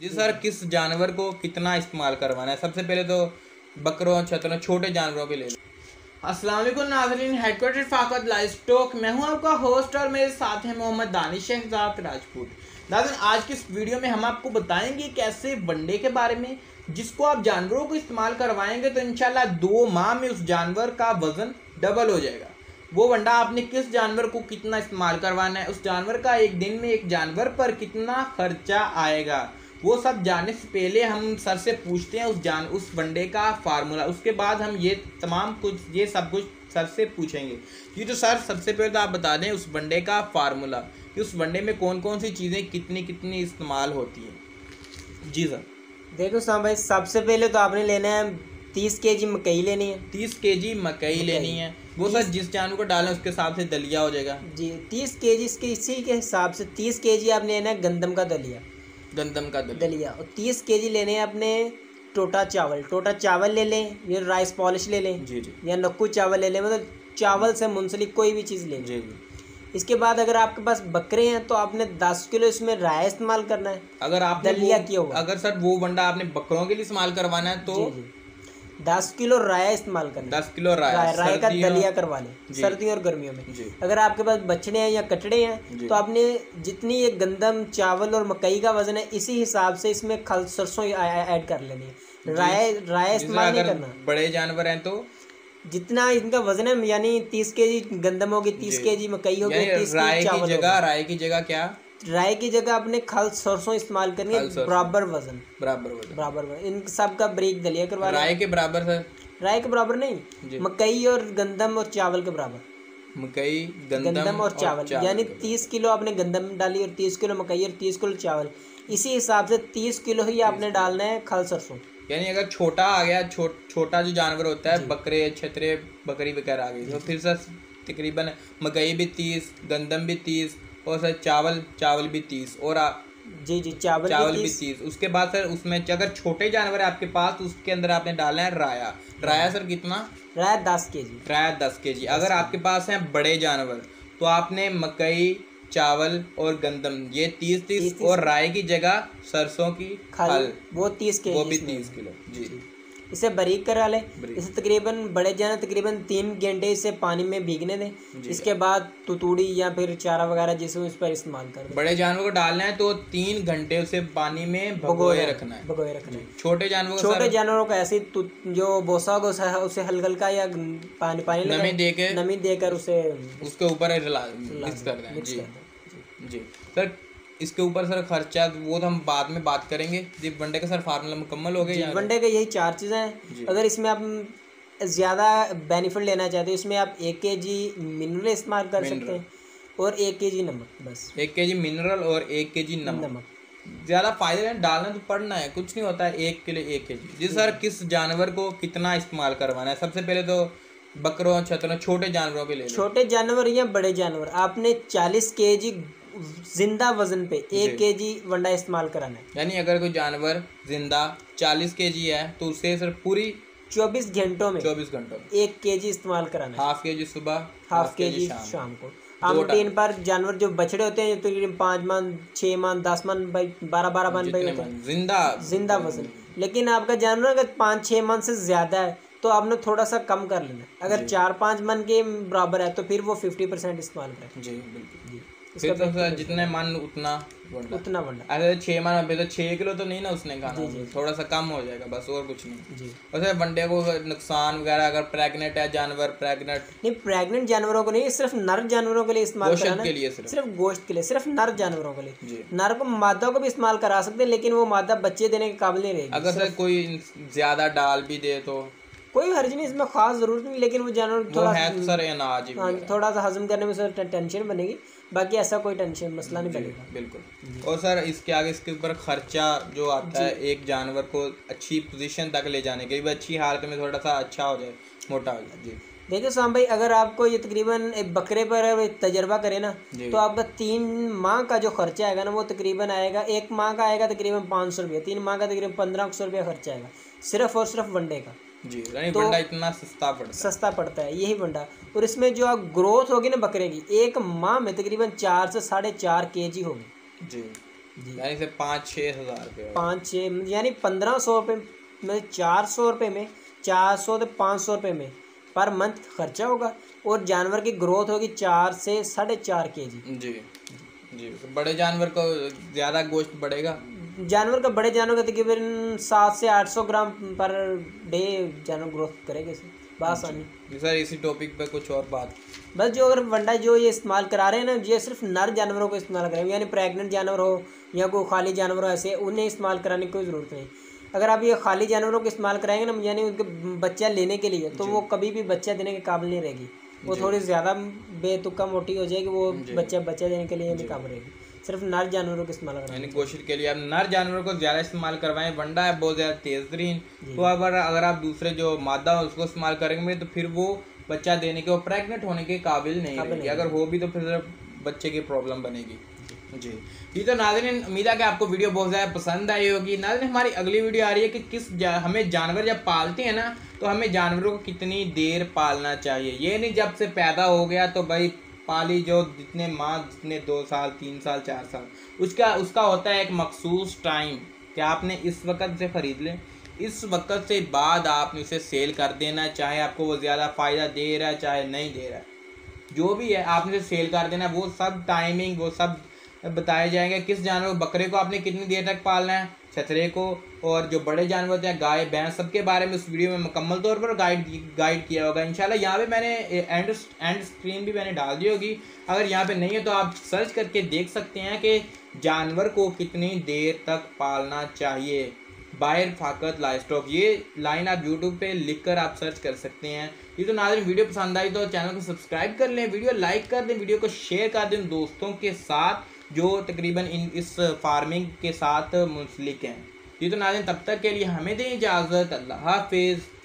जी sir किस जानवर को कितना इस्तेमाल करवाना है सबसे पहले तो बकरों छतरों छोटे जानवरों के ले लो असलम नाजरीन हेडकोटेड फाकत लाइफ स्टॉक मैं हूं आपका होस्ट और मेरे साथ हैं मोहम्मद दानिश शहजाद राजपूत नाजन आज की इस वीडियो में हम आपको बताएंगे कैसे वनडे के बारे में जिसको आप जानवरों को इस्तेमाल करवाएंगे तो इनशाला दो माह में उस जानवर का वज़न डबल हो जाएगा वो वंडा आपने किस जानवर को कितना इस्तेमाल करवाना है उस जानवर का एक दिन में एक जानवर पर कितना खर्चा आएगा वो सब जानने से पहले हम सर से पूछते हैं उस जान उस वनडे का फार्मूला उसके बाद हम ये तमाम कुछ ये सब कुछ सर से पूछेंगे ये तो सर सबसे पहले तो आप बता दें उस वनडे का फार्मूला कि उस वनडे में कौन कौन सी चीज़ें कितनी कितनी इस्तेमाल होती हैं जी सर देखो सर भाई सबसे पहले तो आपने लेना है तीस के जी मकई लेनी है तीस के जी मकई लेनी है वो सर जिस जानवर को डालें उसके हिसाब से दलिया हो जाएगा जी तीस के जी इसके इसी के हिसाब से तीस के जी आपने लेना है गंदम का दलिया गंदम का दलिया, दलिया। और तीस के जी लेने हैं अपने टोटा चावल टोटा चावल ले लें या राइस पॉलिश ले लें जी जी या नक्कू चावल ले लें मतलब चावल से मुंसलिक कोई भी चीज़ ले जी इसके बाद अगर आपके पास बकरे हैं तो आपने दस किलो इसमें राय इस्तेमाल करना है अगर आप दलिया किया होगा अगर सर वो बंडा आपने बकरों के लिए इस्तेमाल करवाना है तो जी जी। दस किलो राय इस्तेमाल करना दस किलो राय, राय का दलिया करवा लें सर्दियों और गर्मियों में अगर आपके पास बछड़े हैं या कटड़े हैं तो आपने जितनी ये गंदम चावल और मकई का वजन है इसी हिसाब से इसमें खल सरसों ऐड कर लेनी है राय राय इस्तेमाल नहीं करना बड़े जानवर हैं तो जितना इनका वजन है यानी तीस के जी गंदम होगी तीस के जी मकई होगी राय की जगह राय की जगह क्या राय की जगह आपने खल सरसों इस्तेमाल है बराबर वजन बराबर वजन बराबर वजन इन सब का ब्रेक दलिया करवा राय के बराबर सर राय के बराबर नहीं मकई और गंदम और चावल के बराबर मकई गंदम, गंदम और चावल, चावल यानी तीस किलो आपने गंदम डाली और तीस किलो मकई और तीस किलो चावल इसी हिसाब से तीस किलो ही आपने डालना है खल सरसों यानी अगर छोटा आ गया छो, छोटा जो जानवर होता है बकरे छतरे बकरी वगैरह आ गई तो फिर सर तकरीबन मकई भी तीस गंदम भी तीस और सर चावल चावल भी तीस और आप जी जी चावल चावल भी तीस उसके बाद सर उसमें अगर छोटे जानवर है आपके पास तो उसके अंदर आपने डाला है राया राया सर कितना राया दस के जी राया दस के जी अगर आपके पास है बड़े जानवर तो आपने मकई चावल और गंदम ये तीस तीस, तीस और राय की जगह सरसों की खल वो तीस के वो भी तीस किलो जी इसे बारीक करा ले इसे तकरीबन बड़े जाना तकरीबन तीन घंटे इसे पानी में भीगने दें इसके बाद तुतूड़ी या फिर चारा वगैरह जिसे इस पर इस्तेमाल कर बड़े जानवर को डालना है तो तीन घंटे उसे पानी में भगोए रखना है भगोए रखना है छोटे जानवर छोटे जानवरों को ऐसे जो बोसा होगा उसे हल्का हल्का या पानी पानी नमी देकर नमी देकर उसे उसके ऊपर जी सर इसके ऊपर सर खर्चा वो तो हम बाद में बात करेंगे जी वनडे का सर फार्मूला मुकम्मल हो गया वनडे का यही चार चीज़ें हैं अगर इसमें आप ज़्यादा बेनिफिट लेना चाहते हो इसमें आप एक के जी मिनरल इस्तेमाल कर सकते हैं और एक के जी नमक बस एक के जी मिनरल और एक के जी नमक, नमक। ज़्यादा फायदे हैं डालना तो पड़ना है कुछ नहीं होता है एक किलो एक के जी जी सर किस जानवर को कितना इस्तेमाल करवाना है सबसे पहले तो बकरों छतरों छोटे जानवरों के लिए छोटे जानवर या बड़े जानवर आपने चालीस के जी जिंदा वजन पे एक के जी वंडा इस्तेमाल कराना है यानी अगर कोई जानवर जिंदा चालीस के जी है तो उसे सर पूरी चौबीस घंटों में चौबीस घंटों में एक के जी इस्तेमाल कराना हाफ के जी सुबह हाफ के जी शाम को आमटीन पर जानवर जो बछड़े होते हैं तो तकरीबन पाँच मन छः मन दस मन भाई बारह बारह मन भाई होते हैं जिंदा जिंदा वजन लेकिन आपका जानवर अगर पाँच छः मन से ज़्यादा है तो आपने थोड़ा सा कम कर लेना अगर चार पाँच मन के बराबर है तो फिर वो फिफ्टी परसेंट इस्तेमाल करें जी बिल्कुल जी तो जितने मन उतना उतना बढ़ना अगर छह मन अभी तो छह किलो तो नहीं ना उसने खाना थोड़ा सा कम हो जाएगा बस और कुछ नहीं जी वैसे वनडे को नुकसान वगैरह अगर प्रेग्नेंट है जानवर प्रेग्नेंट नहीं प्रेग्नेंट जानवरों को नहीं सिर्फ नर जानवरों के लिए इस्तेमाल के लिए सिर्फ सिर्फ गोश्त के लिए सिर्फ नर जानवरों के लिए नर को मादा को भी इस्तेमाल करा सकते हैं लेकिन वो मादा बच्चे देने के काबिल नहीं रहेगी अगर सर कोई ज़्यादा डाल भी दे तो कोई हर्ज नहीं इसमें खास जरूरत नहीं लेकिन वो जानवर तो हाँ, थोड़ा सा हजम करने में टेंशन बनेगी बाकी ऐसा कोई टेंशन मसला नहीं बनेगा बिल्कुल और सर इसके आगे इसके ऊपर खर्चा जो आता है एक जानवर को अच्छी पोजीशन तक ले जाने के लिए अच्छी हालत में थोड़ा सा अच्छा हो जाए मोटा हो जाए जी देखिए शाम भाई अगर आपको ये तकरीबन एक बकरे पर तजर्बा करें ना तो आपका तीन माह का जो खर्चा आएगा ना वो तकरीबन आएगा एक माह का आएगा तकरीबन पाँच सौ रुपये तीन माह का तकरीबन पंद्रह सौ रुपया खर्चा आएगा सिर्फ और सिर्फ वनडे का जी तो बंडा इतना सस्ता पड़ता है सस्ता पड़ता है यही बंडा और इसमें जो आप ग्रोथ होगी ना बकरे की एक माह में तकरीबन चार से साढ़े चार के जी होगी जी जी से पाँच छः हज़ार पाँच छः यानी पंद्रह सौ रुपये मतलब चार सौ रुपये में चार सौ से पाँच सौ रुपये में पर मंथ खर्चा होगा और जानवर की ग्रोथ होगी चार से साढ़े चार के जी जी जी तो बड़े जानवर को ज़्यादा गोश्त बढ़ेगा जानवर का बड़े जानवर का तकरीबन सात से आठ सौ ग्राम पर डे जानवर ग्रोथ करेगा इसे बासानी अच्छा। सर इसी टॉपिक पर कुछ और बात बस जो अगर वंडा जो ये इस्तेमाल करा रहे हैं ना ये सिर्फ नर जानवरों को इस्तेमाल करेंगे यानी प्रेगनेंट जानवर हो या कोई खाली जानवर हो ऐसे उन्हें इस्तेमाल कराने की कोई ज़रूरत नहीं अगर आप ये खाली जानवरों को इस्तेमाल कराएंगे ना यानी उनके बच्चा लेने के लिए तो वो कभी भी बच्चा देने के काबिल नहीं रहेगी वो थोड़ी ज़्यादा बेतुका मोटी हो जाएगी वो बच्चा बच्चा देने के लिए नहीं काम रहेगी सिर्फ नर जानवरों को इस्तेमाल करवाएं यानी कोशिश के लिए आप नर जानवरों को ज़्यादा इस्तेमाल करवाएं वंडा है बहुत ज़्यादा तेज तरीन तो अगर अगर आप दूसरे जो मादा है उसको इस्तेमाल करेंगे तो फिर वो बच्चा देने के और प्रेगनेंट होने के काबिल नहीं रहेगी अगर हो भी तो फिर बच्चे की प्रॉब्लम बनेगी जी जी तो नाजरीन उम्मीद है कि आपको वीडियो बहुत ज़्यादा पसंद आई होगी नाजरीन हमारी अगली वीडियो आ रही है कि किस जा, हमें जानवर जब पालते हैं ना तो हमें जानवरों को कितनी देर पालना चाहिए ये नहीं जब से पैदा हो गया तो भाई पाली जो जितने माँ जितने दो साल तीन साल चार साल उसका उसका होता है एक मखसूस टाइम कि आपने इस वक्त से ख़रीद लें इस वक्त से बाद आपने उसे सेल कर देना चाहे आपको वो ज़्यादा फ़ायदा दे रहा है चाहे नहीं दे रहा है जो भी है आपने उसे सेल कर देना वो सब टाइमिंग वो सब बताया जाएगा किस जानवर बकरे को आपने कितनी देर तक पालना है छतरे को और जो बड़े जानवर होते हैं गाय भैंस सबके बारे में उस वीडियो में मुकम्मल तौर पर गाइड गाइड किया होगा इंशाल्लाह यहाँ पे मैंने एंड एंड स्क्रीन भी मैंने डाल दी होगी अगर यहाँ पे नहीं है तो आप सर्च करके देख सकते हैं कि जानवर को कितनी देर तक पालना चाहिए बाहर फाकत स्टॉक ये लाइन आप यूट्यूब पे लिख कर आप सर्च कर सकते हैं ये तो नाजन वीडियो पसंद आई तो चैनल को सब्सक्राइब कर लें वीडियो लाइक कर दें वीडियो को शेयर कर दें दोस्तों के साथ जो तकरीबन इन इस फार्मिंग के साथ मुंसलिक हैं ये तो नाजन तब तक के लिए हमें दें इजाज़त अल्लाह हाफिज़